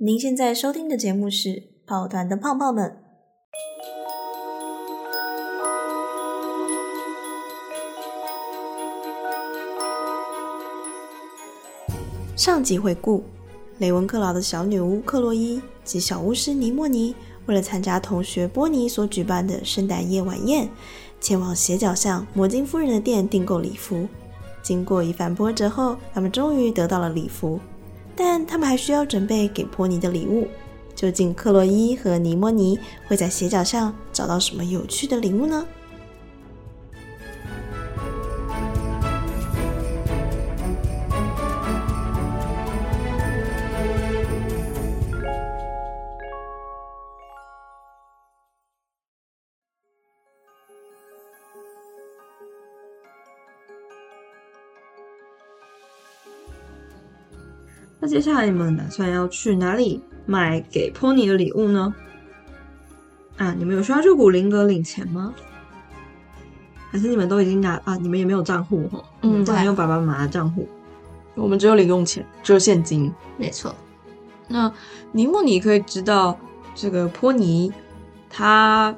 您現在收聽的節目是《跑團的胖胖們》上集回顧：雷文克勞的小女巫克洛伊及小巫師尼莫尼，為了參加同學波妮所舉辦的聖誕夜晚宴，前往斜角巷摩金夫人的店訂購禮服。經過一番波折後，他們終於得到了禮服。但他們還需要準備給波妮的禮物。究竟克洛伊和尼莫尼會在斜角巷找到什麼有趣的禮物呢？那接下來你們打算要去哪裡買給波妮的禮物呢？啊，你們有需要去古靈閣領錢嗎？還是你們都已經拿啊？你們也沒有賬戶哈，嗯，沒有爸爸媽媽的賬戶，嗯、我們只有零用錢，只有現金，沒錯。那尼莫你可以知道這個波妮他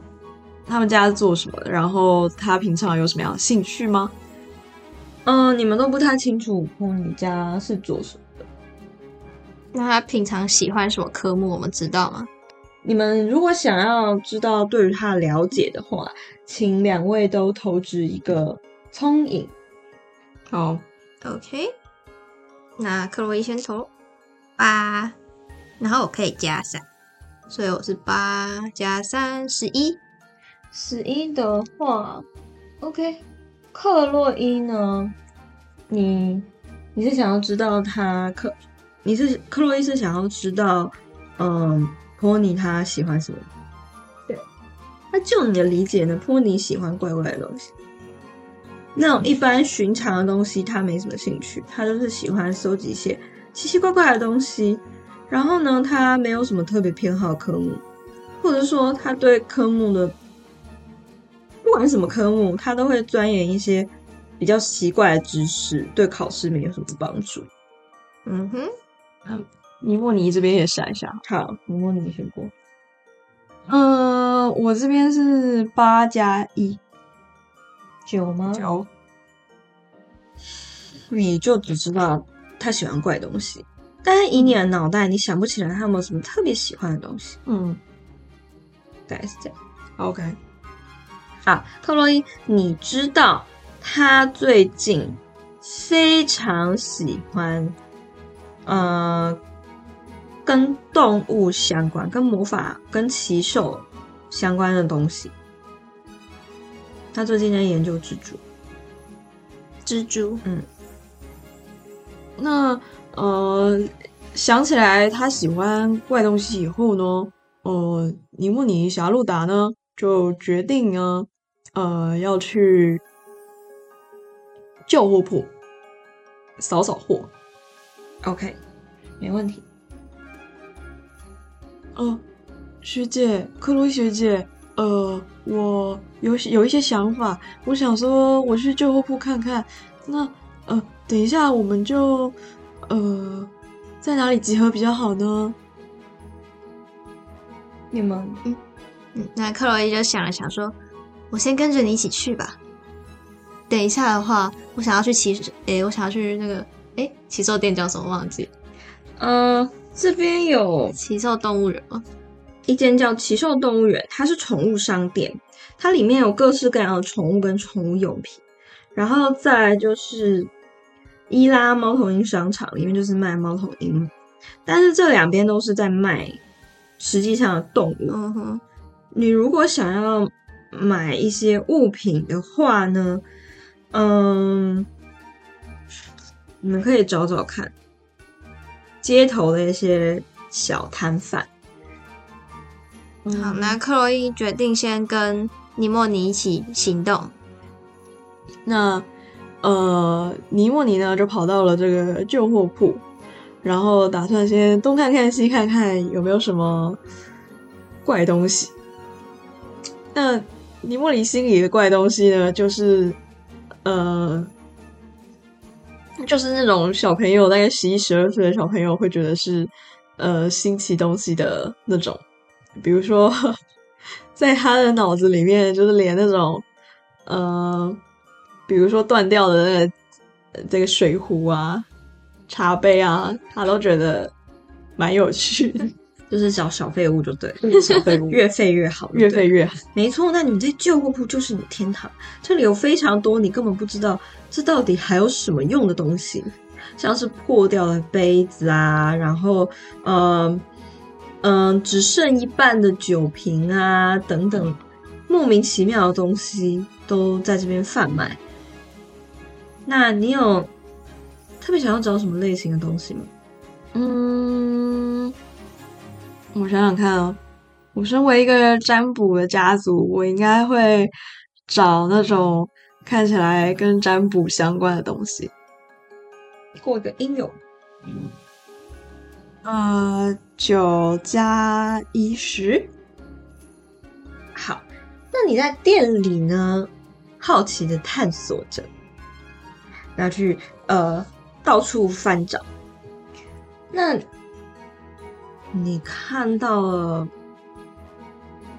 他們家做什麼，然後他平常有什麼樣的興趣嗎？嗯，你們都不太清楚波妮家是做什麼。那他平常喜歡什麼科目？我們知道嗎？你們如果想要知道對於他了解的話，請兩位都投擲一個聰穎。好，OK。那克洛伊先投八，然後我可以加三，所以我是八加三，十一。十一的話，OK。克洛伊呢？你你是想要知道他克你是克洛伊，Chloe，是想要知道，嗯，波妮他喜歡什麼？對，那就你的理解呢？波妮喜歡怪怪的東西，那種一般尋常的東西他沒什麼興趣，他就是喜歡收集一些奇奇怪怪的東西。然後呢，他沒有什麼特別偏好的科目，或者說他對科目的不管什麼科目，他都會鑽研一些比較奇怪的知識，對考試沒有什麼幫助。嗯哼。嗯，尼莫尼這邊也想一下好。好，尼莫尼先過。嗯，我這邊是八加一。九嗎？九。你就只知道他喜歡怪東西，但是以你的腦袋，你想不起來他有沒有什麼特別喜歡的東西。嗯，大概是這樣。OK。啊。好，克洛伊，你知道他最近非常喜歡。呃，跟動物相關、跟魔法、跟奇獸相關的東西。他最近在研究蜘蛛。蜘蛛，嗯。那呃，想起來他喜歡怪東西以後呢，呃，尼莫尼霞露達呢就決定呢、啊，呃，要去舊貨鋪掃掃貨。掃掃 OK，沒問題。嗯、呃，學姐，克洛伊學姐，呃，我有有一些想法，我想說我去舊貨鋪看看。那呃，等一下我們就呃在哪裡集合比較好呢？你們嗯嗯，那克洛伊就想了想說，說我先跟着你一起去吧。等一下的話，我想要去騎誒、欸，我想要去那個。哎、欸，奇獸店叫什麼？忘記了。呃，這邊有奇獸動物園嗎？一間叫奇獸動物園，它是寵物商店，它裡面有各式各樣的寵物跟寵物用品。然後再來就是伊拉貓頭鷹商場，裡面就是賣貓頭鷹。但是這兩邊都是在賣，實際上的動物、嗯嗯嗯。你如果想要買一些物品的話呢，嗯。你們可以找找看，街頭的一些小攤販。好，那克洛伊決定先跟尼莫尼一起行動。那呃，尼莫尼呢就跑到了這個舊貨鋪，然後打算先東看看西看看有沒有什麼怪東西。那尼莫尼心裡的怪東西呢，就是呃。就是那種小朋友，大概十一、十二歲的小朋友，會覺得是，呃，新奇東西的那種。比如說，在他的腦子裡面，就是連那種，呃，比如說斷掉的、那個、這個水壺啊、茶杯啊，他都覺得蠻有趣。 就是找小廢物就對了，越小廢物越廢越，越，越好，越廢越好，沒錯。那你們這舊貨鋪就是你的天堂，這裡有非常多你根本不知道這到底還有什麼用的東西，像是破掉的杯子啊，然後嗯嗯、呃呃，只剩一半的酒瓶啊，等等，莫名其妙的東西都在這邊販賣。那你有特別想要找什麼類型的東西嗎？嗯。我想想看啊、喔，我身為一個占卜的家族，我應該會找那種看起來跟占卜相關的東西。過一個英勇、嗯，呃，九加一十，1, 好，那你在店裡呢，好奇的探索着，要去呃到處翻找，那。你看到了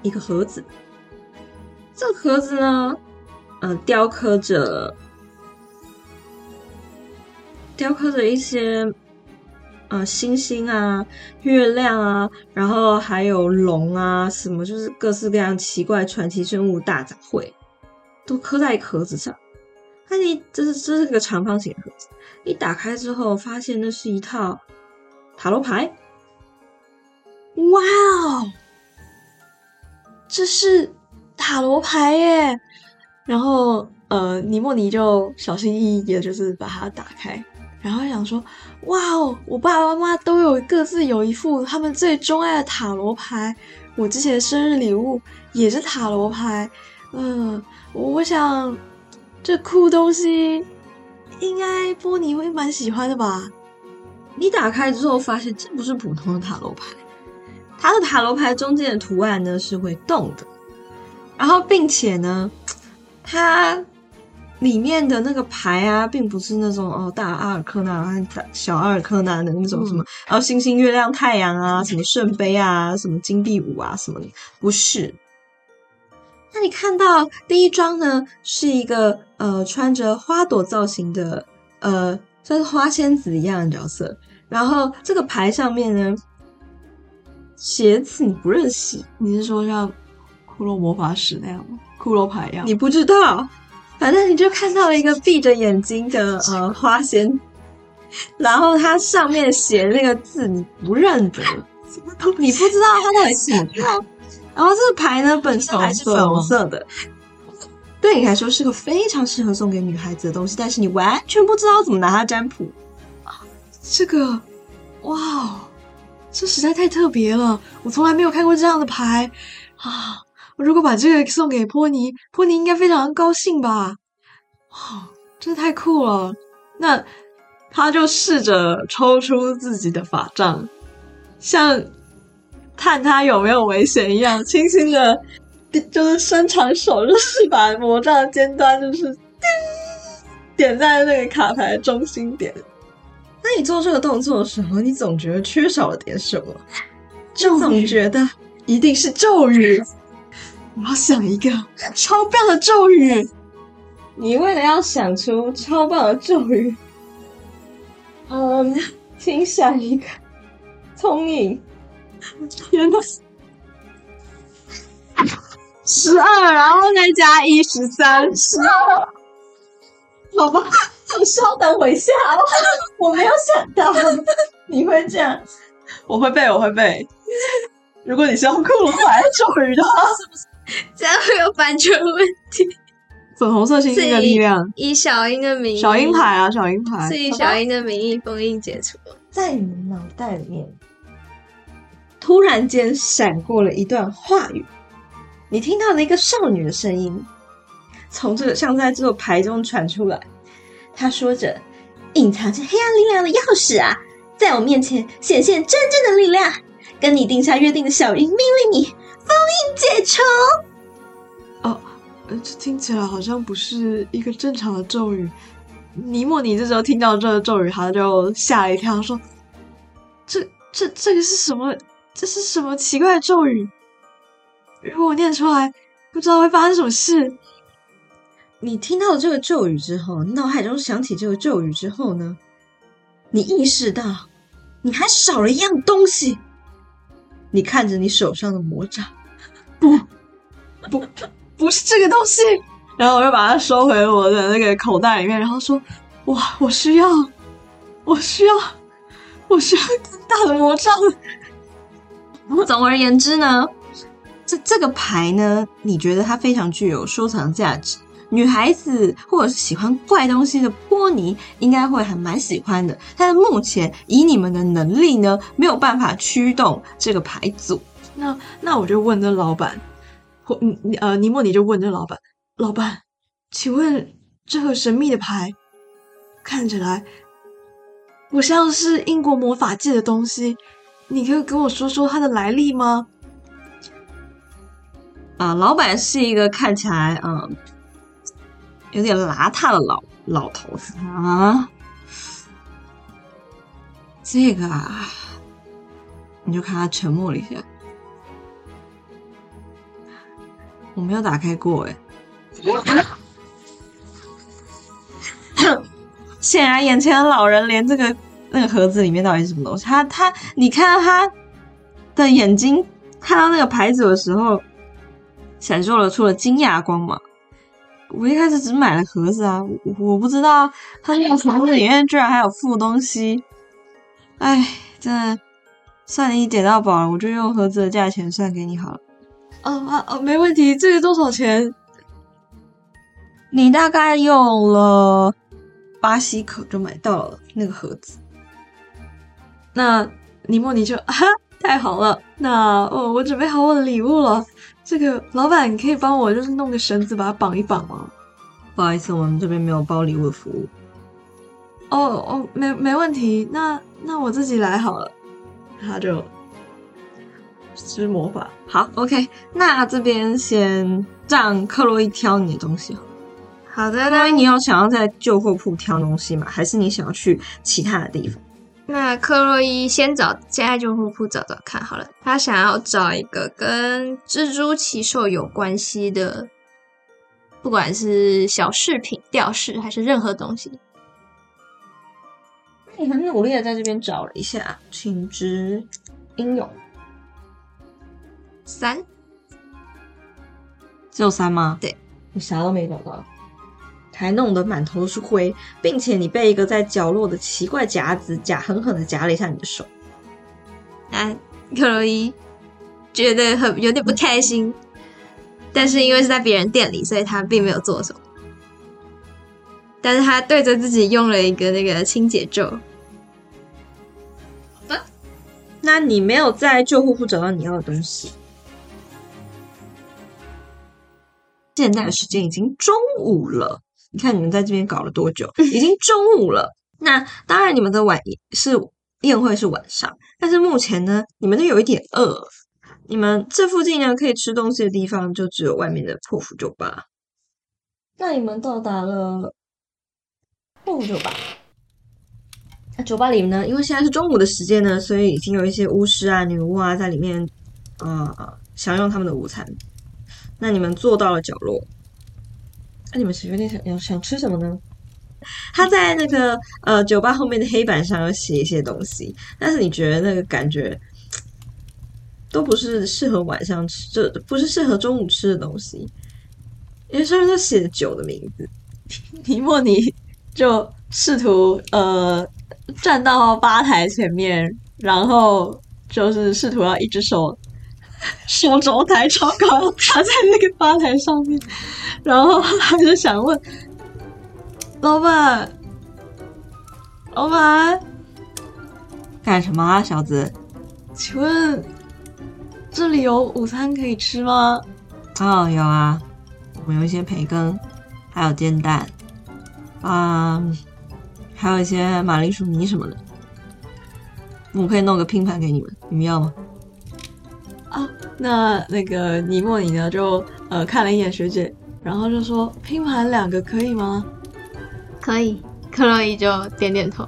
一個盒子，這個盒子呢，呃，雕刻着雕刻着一些啊、呃、星星啊、月亮啊，然後還有龍啊，什麼就是各式各樣奇怪傳奇生物大雜燴，都刻在一個盒子上。那你這是這是一個長方形的盒子，一打開之後發現那是一套塔羅牌。哇哦，wow, 這是塔羅牌耶！然後呃，尼莫尼就小心翼翼的，就是把它打開，然後想說：哇哦，我爸爸媽媽都有各自有一副他們最鍾愛的塔羅牌，我之前的生日禮物也是塔羅牌。嗯、呃，我想這酷東西應該波尼會蠻喜歡的吧？你打開之後發現這不是普通的塔羅牌。它的塔羅牌中間的圖案呢是會動的，然後並且呢，它裡面的那個牌啊，並不是那種哦大阿爾克那小阿爾克那的那種什麼，然後星星、月亮、太陽啊，什麼聖杯啊，什麼金幣五啊，什麼的。不是。那你看到第一張呢，是一個呃穿着花朵造型的呃，像花仙子一樣的角色，然後這個牌上面呢。鞋子你不認識，你是說像骷髏魔法石那樣嗎？骷髏牌一樣，你不知道，反正你就看到了一個閉着眼睛的麼呃花仙，然後它上面寫的那個字你不認得，啊、你不知道它在寫。然後這個牌呢本身還是粉紅色的，啊、對你來說是個非常適合送給女孩子的東西，但是你完全不知道怎麼拿它占卜。啊、這個，哇哦。這實在太特別了，我從來沒有看過這樣的牌啊！我如果把這個送給波妮，波妮應該非常高興吧？哦、啊，這太酷了！那他就試着抽出自己的法杖，像探他有沒有危險一樣，輕輕的，就是伸長手，就是把魔杖尖端，就是叮點在那個卡牌中心點。那你做這個動作的時候，你總覺得缺少了點什麼？咒語，總覺得一定是咒語。我要想一個超棒的咒語。你為了要想出超棒的咒語，嗯，請、um, 想一個。聰明，天哪、啊！十二，然後再加一，十三，十二，好吧。你稍等我一下，哦，我沒有想到你會這樣。我會背，我會背。如果你是的笑終於我還是不是？這樣會有版權問題。粉紅色星星的力量，以,以小櫻的名義，小櫻牌啊，小櫻牌，是以小櫻的名義封印解除。在你腦袋裡面，突然間閃過了一段話語，你聽到了一個少女的聲音，從這個像在這個牌中傳出來。他說着：“隱藏着黑暗力量的鑰匙啊，在我面前顯現真正的力量。跟你定下約定的小櫻命令你，封印解除。”哦，呃，這聽起來好像不是一個正常的咒語。尼莫尼這時候聽到這個咒語，他就嚇了一跳，說：“這、這、這個是什麼？這是什麼奇怪的咒語？如果我念出來，不知道會發生什麼事。”你聽到了這個咒語之後，你腦海中想起這個咒語之後呢，你意識到你還少了一樣東西。你看着你手上的魔杖，不，不，不是這個東西。然後我就把它收回我的那個口袋裡面，然後說：“哇，我需要，我需要，我需要更大的魔杖。”總而言之呢，這這個牌呢，你覺得它非常具有收藏價值。女孩子，或者是喜歡怪東西的波妮應該會還蠻喜歡的，但是目前以你們的能力呢，沒有辦法驅動這個牌組。那那我就問這老板，或呃，尼莫尼就問這老板，老板，請問這個神秘的牌看起來不像是英國魔法界的東西，你可以給我說說它的來歷嗎？啊、呃，老板是一個看起來啊。呃有點邋遢的老老頭子啊，這個啊，你就看他沉默了一下，我沒有打開過哎、欸，顯 然眼前的老人連這個那個盒子裡面到底是什麼東西，他他，你看他的眼睛看到那個牌子的時候，閃爍了出了驚訝光芒。我一開始只買了盒子啊，我，我不知道他那個盒子裡面居然還有附東西，哎，真的算你撿到寶了，我就用盒子的價錢算給你好了。哦哦哦，沒問題，這個多少錢？你大概用了巴西可就買到了那個盒子，那尼莫尼就哈，太好了，那哦，我準備好我的禮物了。這個老板，你可以幫我就是弄個繩子把它綁一綁嗎？不好意思，我們這邊沒有包禮物的服務。哦哦、oh, oh, 沒沒問題，那那我自己來好了。他就施魔法。好，OK，那這邊先讓克洛伊挑你的東西好。好的，那你要想要在舊貨鋪挑東西嗎？還是你想要去其他的地方？那克洛伊先找，現在就鋪鋪找找看好了。他想要找一個跟蜘蛛奇獸有關係的，不管是小飾品、吊飾還是任何東西。你很努力的在這邊找了一下，請擲英勇三。只有三嗎？對，我啥都沒找到。還弄得滿頭都是灰，並且你被一個在角落的奇怪夾子夾狠狠的夾了一下你的手。哎、啊，克洛伊覺得很有點不開心，但是因為是在別人店裡，所以他並沒有做什麼。但是他對着自己用了一個那個清潔咒。好、啊、那你沒有在舊貨鋪找到你要的東西。現在的時間已經中午了。你看你們在這邊搞了多久？已經中午了。 那當然，你們的晚是宴會是晚上，但是目前呢，你們都有一點餓。你們這附近呢，可以吃東西的地方就只有外面的破釜酒吧。那你們到達了破釜酒吧。那酒吧裡面呢，因為現在是中午的時間呢，所以已經有一些巫師啊、女巫啊在裡面啊、呃、享用他們的午餐。那你們坐到了角落。那你們隨便想，想想吃什麼呢？他在那個呃酒吧後面的黑板上要寫一些東西，但是你覺得那個感覺都不是適合晚上吃，就不是適合中午吃的東西，因為上面都寫酒的名字。尼莫尼就試圖呃站到吧台前面，然後就是試圖要一隻手。手肘抬超高，趴在那個吧台上面， 然後他就想問老板：“老板幹什麼啊，小子？請問這裡有午餐可以吃嗎？”“哦，有啊，我們有一些培根，還有煎蛋，啊，還有一些馬鈴薯泥什麼的。我可以弄個拼盤給你們，你們要嗎？”那那個尼莫尼呢？就呃看了一眼學姐，然後就說，拼盤兩個可以嗎？可以，克洛伊就點點頭。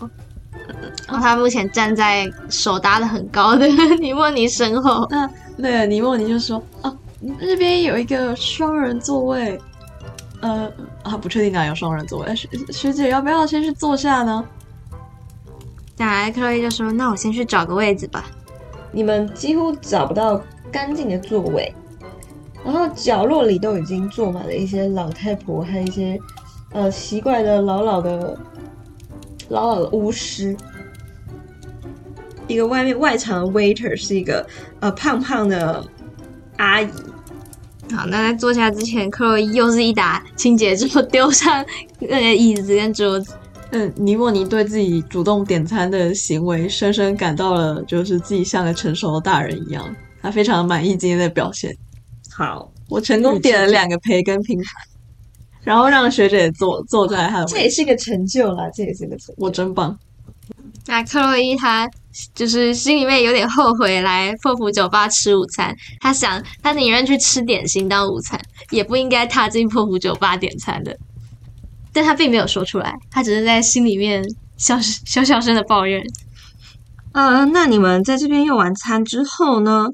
然後他目前站在手搭的很高的 尼莫尼身後。那那尼莫尼就說：“哦、啊，這邊有一個雙人座位，呃啊，不確定哪有雙人座位。學學姐要不要先去坐下呢？”來、啊，克洛伊就說：“那我先去找個位置吧。”你們幾乎找不到。乾淨的座位，然後角落裡都已經坐滿了一些老太婆和一些呃奇怪的老老的、老老的巫師。一個外面外場的 waiter 是一個呃胖胖的阿姨。好，那在坐下之前，克洛伊又是一打清潔，之後丟上那個椅子跟桌子。嗯，尼莫尼對自己主動點餐的行為深深感到了，就是自己像個成熟的大人一樣。他非常滿意今天的表現。好，我成功點了兩個培根拼盤，然後讓學姐坐坐在他。這也是個成就啦，這也是個成就，我真棒。那、啊、克洛伊他就是心裡面有點後悔來破釜酒吧吃午餐。他想，他寧願去吃點心當午餐，也不應該踏進破釜酒吧點餐的。但他並沒有說出來，他只是在心裡面小聲、小小聲的抱怨。呃，那你們在這邊用完餐之後呢？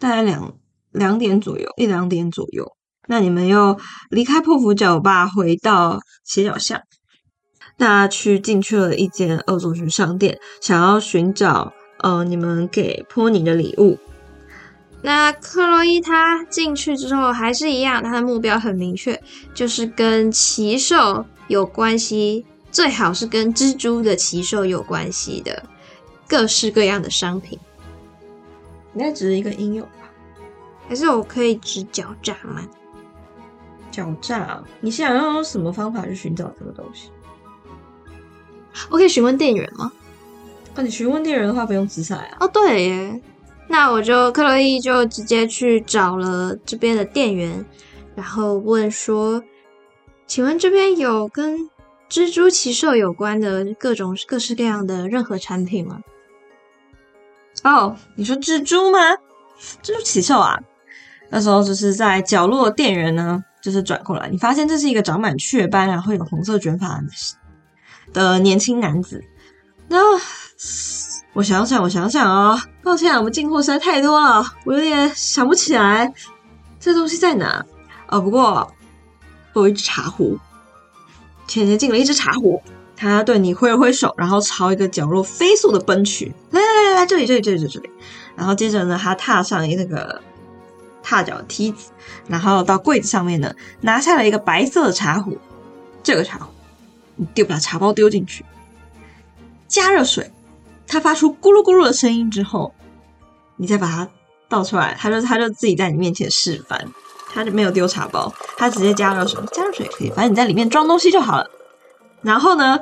大概兩兩點左右，一兩點左右。那你們又離開破釜酒吧，回到斜角巷，那去進去了一間惡作劇商店，想要尋找呃，你們給波妮的禮物。那克洛伊他進去之後還是一樣，他的目標很明確，就是跟奇獸有關係，最好是跟蜘蛛的奇獸有關係的，各式各樣的商品。應該只是一個應用吧，還是我可以擲狡詐嗎？狡詐？你是想要用什麼方法去尋找這個東西？我可以詢問店員嗎？啊，你詢問店員的話不用擲骰啊。哦，對耶，那我就克洛伊就直接去找了這邊的店員，然後問說：“請問這邊有跟蜘蛛奇獸有關的各種各式各樣的任何產品嗎？”哦，你說蜘蛛嗎？蜘蛛起獸啊！那時候就是在角落，店員呢就是轉過來，你發現這是一個長滿雀斑啊，會有紅色卷髮的年輕男子。然後我想想，我想想啊，哦，抱歉，啊，我們進貨實在太多了，我有點想不起來這東西在哪。哦，不過，我有一隻茶壺，前天進了一隻茶壺。他對你揮了揮手，然後朝一個角落飛速的奔去，來來來來，這裡這裡這裡這裡。然後接着呢，他踏上一那個踏腳的梯子，然後到櫃子上面呢，拿下了一個白色的茶壺，這個茶壺，你丟把茶包丟進去，加熱水，它發出咕嚕咕嚕的聲音之後，你再把它倒出來，他就他就自己在你面前示範，他就沒有丟茶包，他直接加熱水，加熱水可以，反正你在裡面裝東西就好了。然後呢，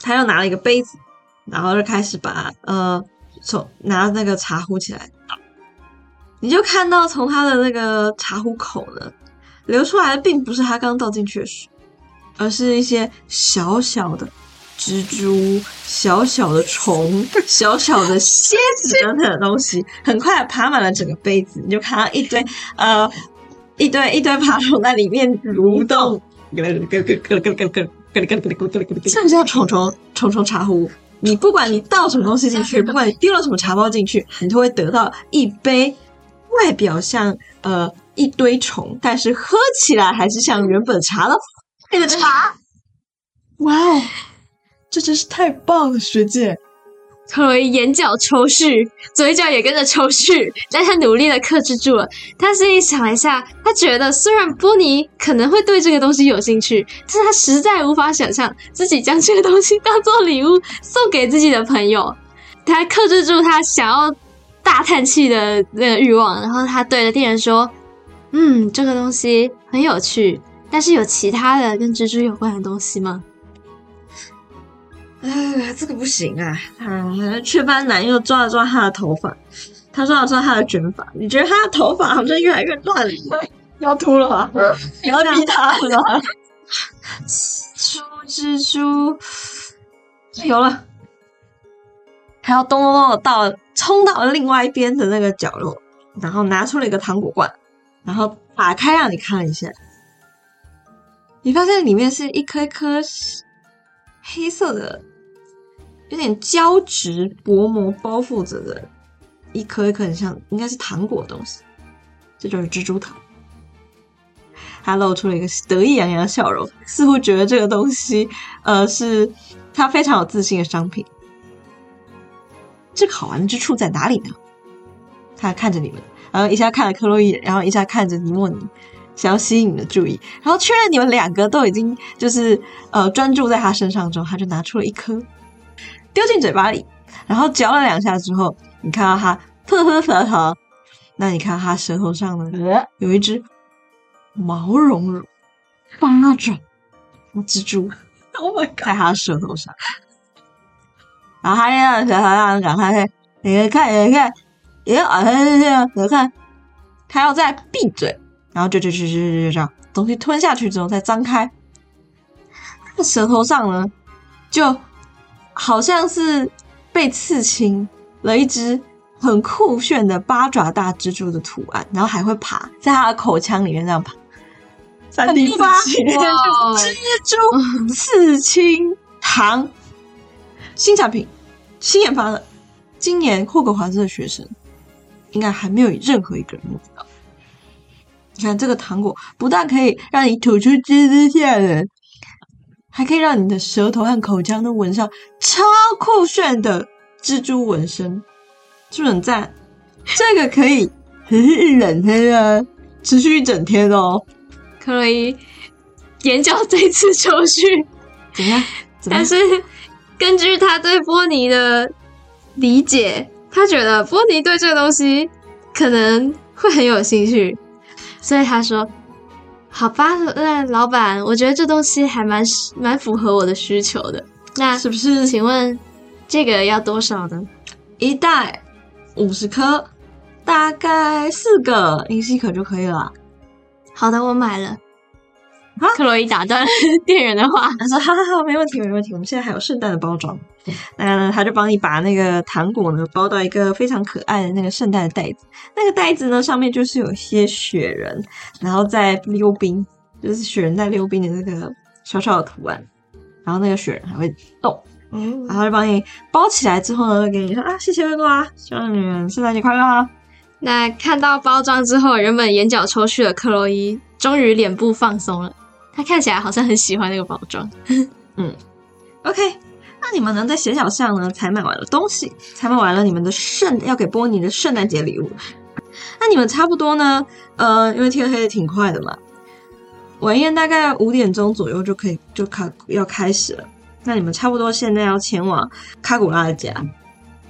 他又拿了一個杯子，然後就開始把呃，從拿那個茶壺起來倒。你就看到從他的那個茶壺口呢，流出來的並不是他剛倒進去的水，而是一些小小的蜘蛛、小小的蟲、小小的蠍子等等的東西，很快爬滿了整個杯子。你就看到一堆呃，一堆一堆爬蟲在裡面蠕動，咯咯咯咯咯咯咯。像這樣蟲蟲蟲蟲茶壺，你不管你倒什麼東西進去，不管你丟了什麼茶包進去，你都會得到一杯外表像呃一堆蟲，但是喝起來還是像原本茶的茶。哇哦茶，這真是太棒了，學姐！可為眼角抽搐，嘴角也跟着抽搐，但他努力的克制住了。他心裡想了一下，他覺得雖然波妮可能會對這個東西有興趣，但是他實在無法想象自己將這個東西當做禮物送給自己的朋友。他克制住他想要大嘆氣的那個慾望，然後他對着店員說：“嗯，這個東西很有趣，但是有其他的跟蜘蛛有關的東西嗎？”啊、呃，這個不行啊！啊，雀斑男又抓了抓他的頭髮，他抓了抓他的捲髮。你覺得他的頭髮好像越來越亂了，欸，要禿了吧，啊？呃、你要逼他了，啊？豬、呃，然後蜘蛛有了，還要咚咚咚的到衝到另外一邊的那個角落，然後拿出了一個糖果罐，然後打開讓你看一下，你發現裡面是一顆一顆黑色的。有點膠質薄膜包覆着的一顆一顆很像應該是糖果的東西，這就是蜘蛛糖。他露出了一個得意洋洋的笑容，似乎覺得這個東西呃是他非常有自信的商品。這個好玩之處在哪裡呢？他看着你們，然後一下看了克洛伊，然後一下看着尼莫尼，想要吸引你的注意，然後確認你們兩個都已經就是呃專注在他身上之後，他就拿出了一顆。丟進嘴巴裡，然後嚼了兩下之後，你看到它特疼特疼。那你看它舌頭上呢，有一隻毛茸茸八爪蜘蛛。Oh my god！在它舌頭上。Oh、然後它就想，想，想，想，它說：“你看，你看，你、啊、你看，你看，它要再閉嘴，然後就就就就，就，就這樣、這東西吞下去之後再張開，舌頭上呢就……”好像是被刺青了一只很酷炫的八爪大蜘蛛的圖案，然後還會爬，在他的口腔裡面這樣爬。三 D 發哇蜘蛛刺青糖，嗯、新產品，新研發的。今年霍格華茲的學生應該還沒有任何一個人摸得到。你看這個糖果，不但可以讓你吐出蜘蛛線來。還可以讓你的舌頭和口腔都紋上超酷炫的蜘蛛紋身，是不是很讚？這個可以很冷很冷，持續一整天哦。克洛伊研究這次抽是怎樣？怎樣？但是根據他對波尼的理解，他覺得波尼對這個東西可能會很有興趣，所以他說。好吧，那老闆，我覺得這東西還蠻蠻符合我的需求的。那是不是？請問這個要多少呢？一袋五十顆，大概四個銀西可就可以了。好的，我買了。哈克洛伊打斷店員的話，他說：“哈哈哈，沒問題，沒問題。我們現在還有聖誕的包裝。”那呢，他就幫你把那個糖果呢，包到一個非常可愛的那個聖誕的袋子，那個袋子呢，上面就是有一些雪人，然後在溜冰，就是雪人在溜冰的那個小小的圖案，然後那個雪人還會動，哦、然後他就幫你包起來之後呢，會給你說啊，謝謝哥哥，希望你聖誕節快樂啊、哦。那看到包裝之後，原本眼角抽搐的克洛伊終於臉部放鬆了，他看起來好像很喜歡那個包裝， 嗯，OK。那你們呢在斜角巷呢採買完了東西，才買完了你們的聖要給波尼的聖誕節禮物。 那你們差不多呢？呃，因為天黑的挺快的嘛，晚宴大概五點鐘左右就可以就卡要開始了。那你們差不多現在要前往卡古拉的家。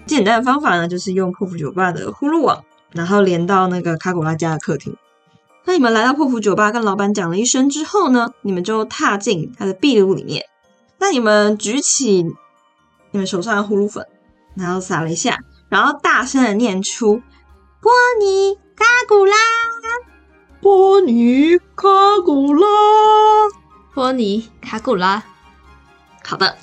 簡單的方法呢，就是用破釜酒吧的呼嚕網，然後連到那個卡古拉家的客廳。那你們來到破釜酒吧，跟老闆講了一聲之後呢，你們就踏進他的壁爐裡面。那你們舉起你們手上的呼嚕粉，然後撒了一下，然後大聲的念出“波尼卡古拉，波尼卡古拉，波尼卡古拉”。好的，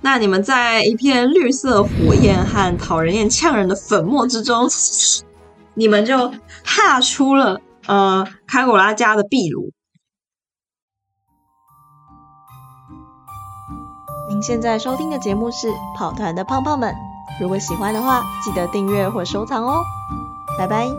那你們在一片綠色火焰和討人厭、嗆人的粉末之中，你們就踏出了呃卡古拉家的壁爐。現在收聽的節目是跑團的胖胖們，如果喜歡的話，記得訂閱或收藏哦，拜拜。